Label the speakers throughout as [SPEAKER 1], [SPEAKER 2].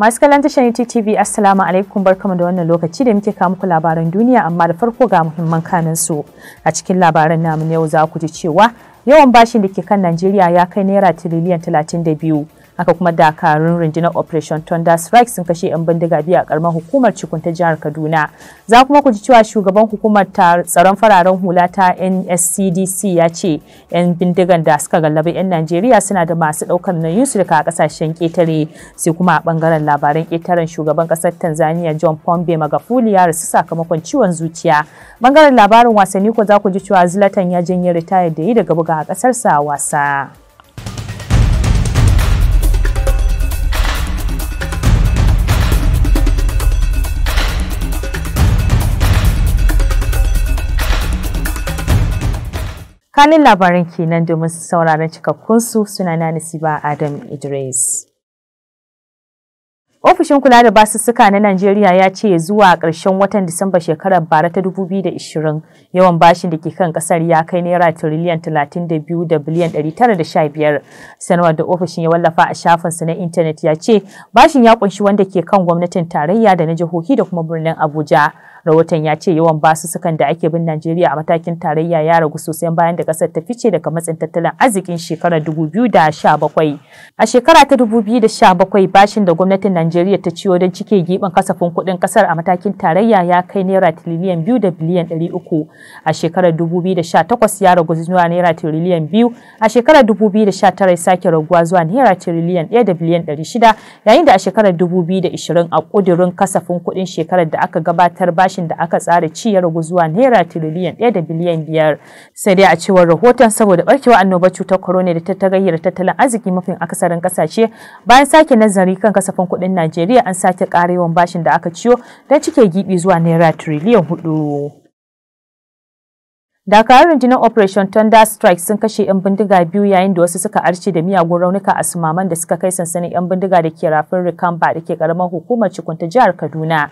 [SPEAKER 1] Masu kalanta tashar TV Assalamu alaikum barkamu da wannan lokaci da muke kawo labaran duniya amma da farko ga muhimman kanin su. A cikin labaran namu yau za ku ji cewa yawan bashin da ke kan Najeriya ya kai naira tiriliyan biyu. haka kuma dakarun rundunar operation thunder strike sun kashe 'yan bindiga biyu a karamar hukumar cikun ta jihar kaduna za kuma ku ji cewa shugaban hukumar tsaron fararen hula ta nscdc ya ce 'yan bindigan da suka gallaba 'yan najeriya suna da masu daukar nauyin su daga kasashen ketare sai kuma a bangaren labaran ketaren shugaban kasar tanzania john pombe magafuli ya rasu sakamakon ciwon zuciya bangaren labarin wasanni ko za ku ji cewa zlatan ya janye ritaya da yi daga buga a kasarsa wasa. kanin labaran kenan domin sauraron cikakkunsu suna na nasiba adam idris ofishin kula da basussuka na najeriya ya ce zuwa ƙarshen watan disamba shekarar bara ta 2020 yawan bashin da ke kan ƙasar ya kai naira tiriliyan 32 da biliyan 915 sanarwar da ofishin ya wallafa a shafinsa na intanet ya ce bashin ya kunshi wanda ke kan gwamnatin tarayya da na jihohi da kuma birnin abuja Rahoton ya ce yawan sukan da ake bin Najeriya a matakin tarayya ya ragu sosai bayan da kasar ta fice daga matsin tattalin arzikin shekarar 2017. A shekara ta 2017 bashin da gwamnatin Najeriya ta ciyo don cike giɓin kasafin kuɗin kasar a matakin tarayya ya kai naira tiriliyan 2 da biliyan 300. A shekarar 2018 ya ragu zuwa naira tiriliyan 2, a shekarar 2019 sake raguwa zuwa naira tiriliyan 1 da biliyan 600 yayin da a shekarar 2020 a ƙudurin kasafin kuɗin shekarar da aka gabatar bashin bashin da aka tsara ci ya ragu zuwa naira tiriliyan ɗaya da biliyan biyar. Sai dai a cewar rahoton saboda barkewa annobar cutar corona da ta tagayyar tattalin arziki mafi akasarin kasashe bayan sake nazari kan kasafin kuɗin Najeriya an sake ƙara bashin da aka ciyo don cike gibi zuwa naira tiriliyan hudu. Dakarun rundunar Operation Thunder Strike sun kashe 'yan bindiga biyu yayin da wasu suka arce da miyagun raunuka a sumaman da suka kai sansanin 'yan bindiga da ke rafin Rikamba da ke karamar hukumar Cikunta jihar Kaduna.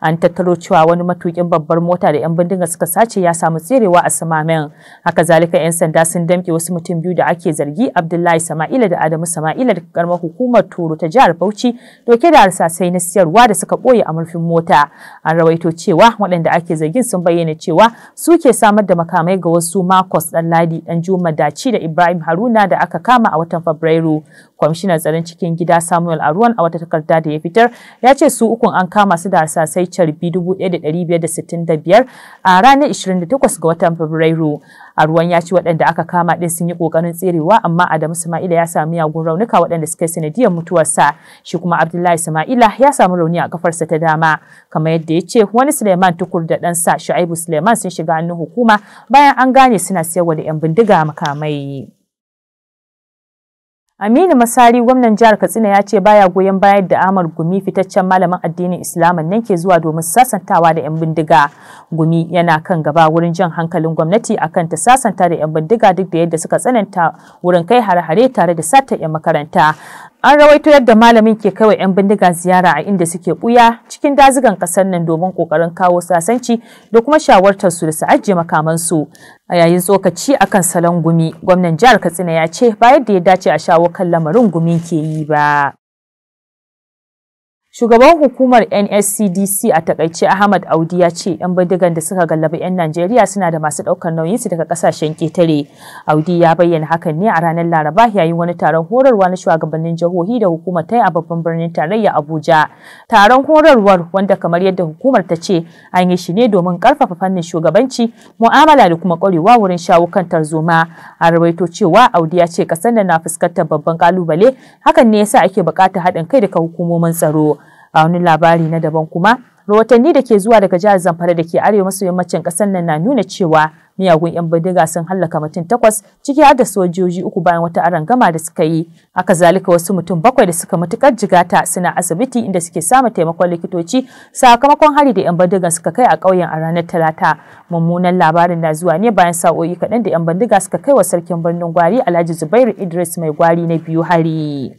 [SPEAKER 1] An tattaro cewa wani matukin babbar mota da 'yan bindiga suka sace ya samu tserewa a sumamen. Haka zalika 'yan sanda sun damke wasu mutum biyu da ake zargi Abdullahi Sama'ila da Adamu Sama'ila da karamar hukumar toro ta jihar Bauchi doke da harsasai na siyarwa da suka boye a murfin mota. An rawaito cewa waɗanda ake zargin sun bayyana cewa su ke samar da makaman makamai ga wasu Marcos Danladi dan Juma Daci da Ibrahim Haruna da aka kama a watan Fabrairu. Kwamishinan tsaron cikin gida Samuel Aruwan a wata takarda da ya fitar ya ce su ukun an kama su da harsasai carbi 1565 a ranar 28 ga watan Fabrairu. a ruwan ci waɗanda aka kama ɗin sun yi kokarin tserewa amma Adamu Sama'ila ya sami miyagun raunuka waɗanda suka yi sanadiyar mutuwarsa shi kuma Abdullahi Sama'ila ya samu rauni a kafarsa ta dama kamar yadda ya ce wani Suleiman Tukur da ɗansa Shu'aibu Suleiman sun shiga hannun hukuma bayan an gane suna siyarwa da 'yan bindiga makamai. Aminu Masari gwamnan jihar Katsina ya ce baya goyon bayar da amar Gumi fitaccen malamin addinin Islaman nan ke zuwa domin sasantawa da 'yan bindiga. Gumi yana kan gaba wurin jan hankalin gwamnati akan ta sasanta da 'yan bindiga duk da yadda suka tsananta wurin kai hare-hare tare da sata 'yan makaranta. An rawaito yadda malamin ke kawai 'yan bindiga ziyara a inda suke ɓuya cikin dazigan ƙasar nan domin ƙoƙarin kawo sasanci da kuma shawartar su da su ajiye makamansu. A yayin tsokaci kan salon gumi, gwamnan jihar Katsina ya ce ba yadda ya dace a shawo kan lamarin gumi ke yi ba. Shugaban hukumar NSCDC a takaice Ahmad Audi ya ce ‘yan bindigan da suka gallaba 'yan Najeriya suna da masu ɗaukar nauyin su daga ƙasashen ƙetare. Audi ya bayyana hakan ne a ranar Laraba yayin wani taron horarwa na shugabannin jihohi da hukumar ta yi a babban birnin tarayya Abuja. Taron horarwar wanda kamar yadda hukumar ta ce an yi shi ne domin ƙarfafa fannin shugabanci, mu'amala da kuma ƙwarewa wurin shawo kan tarzoma. A rawaito cewa Audi ya ce ƙasar na fuskantar babban ƙalubale hakan ne yasa ake buƙatar haɗin kai daga hukumomin tsaro. a wani labari na daban kuma rahotanni da ke zuwa daga jihar zamfara da ke arewa maso yammacin kasar nan na nuna cewa miyagun yan bindiga sun hallaka mutum takwas ciki har da sojoji uku bayan wata arangama da suka yi haka zalika wasu mutum bakwai da suka matukar jigata suna asibiti inda suke samun taimakon likitoci sakamakon hari da yan bindiga suka kai a ƙauyen a ranar talata mummunan labarin na zuwa ne bayan sa'o'i kaɗan da yan bindiga suka kai wa sarkin birnin gwari alhaji zubairu idris mai gwari na biyu hari.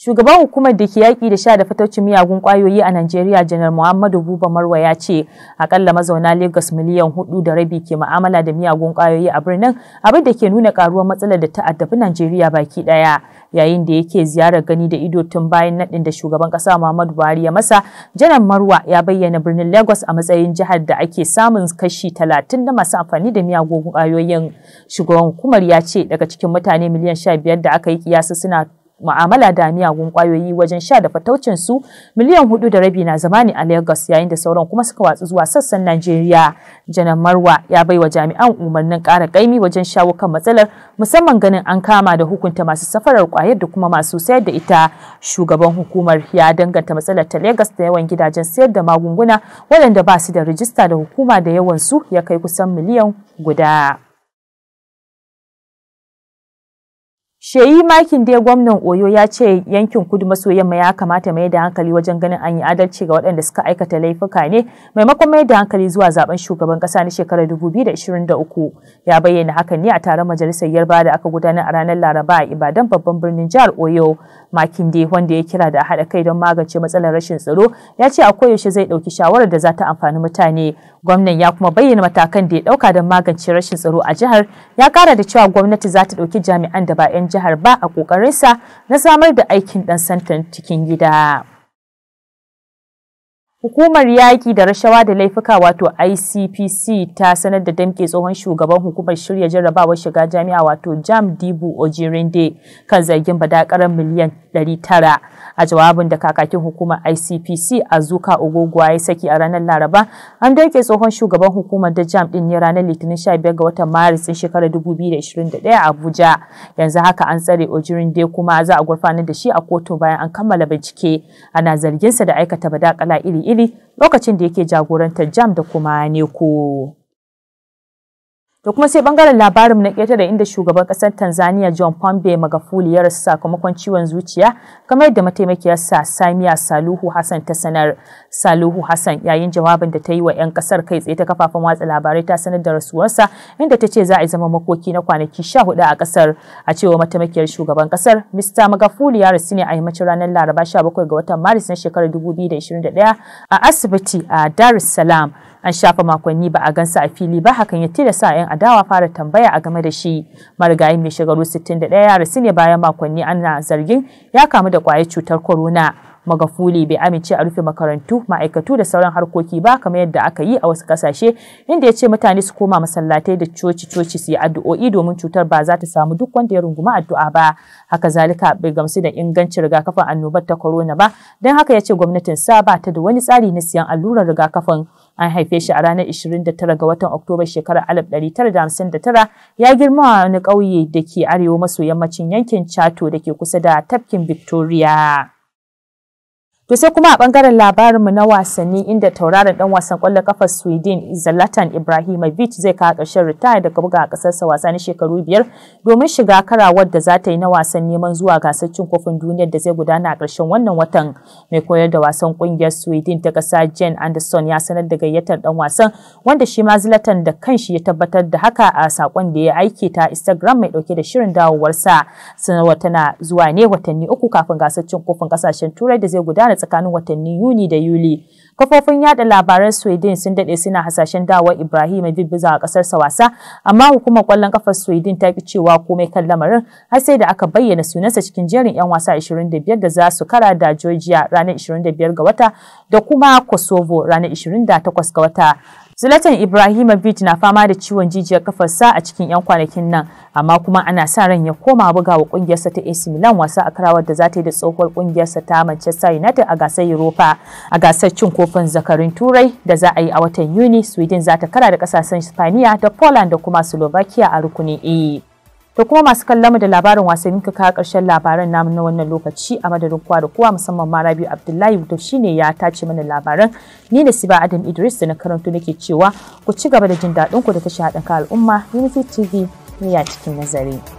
[SPEAKER 1] Shugaban hukumar da ke yaƙi da sha da fataucin miyagun ƙwayoyi a Najeriya Janar Muhammadu Buba Marwa ya ce akalla mazauna Lagos miliyan hudu da rabi ke ma'amala da miyagun ƙwayoyi a birnin abin da ke nuna ƙaruwar matsalar da ta addabi Najeriya baki ɗaya. Yayin da yake ziyarar gani da ido tun bayan naɗin da shugaban ƙasa Muhammadu Buhari ya masa, Janar Marwa ya bayyana birnin Lagos a matsayin jihar da ake samun kashi talatin na masu amfani da miyagun ƙwayoyin. Shugaban hukumar ya ce daga cikin mutane miliyan sha biyar da aka yi kiyasa suna mu'amala da miyagun kwayoyi wajen sha da fataucin su miliyan hudu da rabi na zama ne a Lagos yayin da sauran kuma suka watsu zuwa sassan Najeriya. Janar Marwa ya baiwa jami'an umarnin kara kaimi wajen shawo kan matsalar musamman ganin an kama da hukunta masu safarar kwayar da kuma masu sayar da ita. Shugaban hukumar ya danganta matsalar ta Lagos da yawan gidajen sayar da magunguna waɗanda ba su da rijista da hukuma da yawan su ya kai kusan miliyan guda. Sheyi Makin dai gwamnan Oyo ya ce yankin kudu maso yamma ya kamata mai da hankali wajen ganin an yi adalci ga waɗanda suka aikata laifuka ne maimakon mai da hankali zuwa zaben shugaban kasa na shekarar 2023 ya bayyana haka ne a taron majalisar yarba da aka gudanar a ranar Laraba a Ibadan babban birnin jihar Oyo. Makin dai wanda ya kira da haɗa kai don magance matsalar rashin tsaro ya ce a koyaushe zai ɗauki shawarar da za ta amfani mutane. Gwamnan ya kuma bayyana matakan da ya ɗauka don magance rashin tsaro a jihar ya ƙara da cewa gwamnati za ta ɗauki jami'an da ba 'yan jihar ba a ƙoƙarinsa na samar da aikin ɗan santan cikin gida. Hukumar yaƙi da rashawa da laifuka wato ICPC ta sanar da damƙe tsohon shugaban hukumar shirya jarrabawar shiga jami'a wato Jam Dibu Ojirinde kan zargin badakarar miliyan 900 a jawabin da kakakin hukumar ICPC a Zuka Ogogwa ya saki a ranar Laraba an damke tsohon shugaban hukumar da Jam din ne ranar Litinin 15 ga watan Maris din shekarar 2021 a Abuja yanzu haka an tsare Ojirinde kuma za a gurfanar da shi a kotu bayan an kammala bincike ana zarginsa da aikata badakala iri Ili lokacin da yake jagorantar jam da kuma neko. to kuma sai bangaren labarin na ƙetare inda shugaban ƙasar Tanzania John Pombe Magufuli ya rasu sakamakon ciwon zuciya kamar yadda mataimakiyarsa Samiya Saluhu Hassan ta sanar. Saluhu Hassan yayin jawabin da ta yi wa 'yan ƙasar kai tsaye ta kafafen watsa labarai ta sanar da rasuwarsa inda ta ce za a zama makoki na kwanaki sha hudu a ƙasar. A cewa mataimakiyar shugaban ƙasar Mr. Magufuli ya rasu ne a yammacin ranar Laraba 17 ga watan Maris na shekarar 2021 a asibiti a Dar es Salaam. an shafa makonni ba a gansa a fili ba hakan ya tilasta 'yan adawa fara tambaya a game da shi marigayi mai shigaru 61 ya rasu ne bayan makonni ana zargin ya kamu da kwayar cutar corona magafuli bai amince a rufe makarantu ma'aikatu da sauran harkoki ba kamar yadda aka yi a wasu kasashe inda ya ce mutane su koma masallatai da coci coci su yi addu'o'i domin cutar ba za ta samu duk wanda ya runguma addu'a ba haka zalika bai gamsu da ingancin rigakafin annobar ta corona ba don haka ya ce gwamnatin sa ba ta da wani tsari na siyan allurar rigakafin an haife shi a ranar 29 ga watan Oktoba shekarar 1959 ya girma wani ƙauye da ke arewa maso yammacin yankin Chato da ke kusa da tafkin Victoria. To sai kuma a bangaren labarinmu na wasanni inda tauraron dan wasan kwallon kafar Sweden Zlatan Ibrahimovic zai kawo ƙarshen ritaya daga buga a ƙasarsa wasa na shekaru biyar domin shiga karawar da za ta yi na wasan neman zuwa gasar cin kofin duniya da zai gudana a ƙarshen wannan watan. Mai koyar da wasan ƙungiyar Sweden ta kasa Jane Anderson ya sanar da gayyatar dan wasan wanda shi ma Zlatan da kanshi ya tabbatar da haka a sakon da ya aike ta Instagram mai ɗauke da shirin dawowarsa. sanarwa tana zuwa ne watanni uku kafin gasar cin kofin ƙasashen Turai da zai gudana tsakanin watanni Yuni da Yuli. Kafofin yada labaran Sweden sun dade suna hasashen dawowar Ibrahim Bibbiza a kasar sa wasa, amma hukumar kwallon kafar Sweden ta ki cewa komai kan lamarin har sai da aka bayyana sunansa cikin jerin 'yan wasa 25 da za su kara da Georgia ranar 25 ga wata da kuma Kosovo ranar 28 ga wata. zulatan Ibrahimovic na fama da ciwon jijiyar kafarsa a cikin 'yan kwanakin nan, amma kuma ana sa ran ya koma buga wa kungiyarsa ta AC Milan wasa a karawar da za ta yi da tsohuwar kungiyarsa ta Manchester United a gasar Europa, a gasar cin kofin zakarin Turai da za a yi a watan Yuni, Sweden za ta kara da kasashen Spaniya da Poland da kuma Slovakia a rukunin E. To kuma masu kallon mu da labarin wasanni ka kawo ƙarshen labaran namu na wannan lokaci a madadin kowa da kowa musamman ma Rabiu Abdullahi to shine ya tace mana labaran ni da Siba Adam Idris da na karanto nake cewa ku ci gaba da jin daɗin ku da tashi haɗin ka al'umma Unity TV ne a cikin nazari.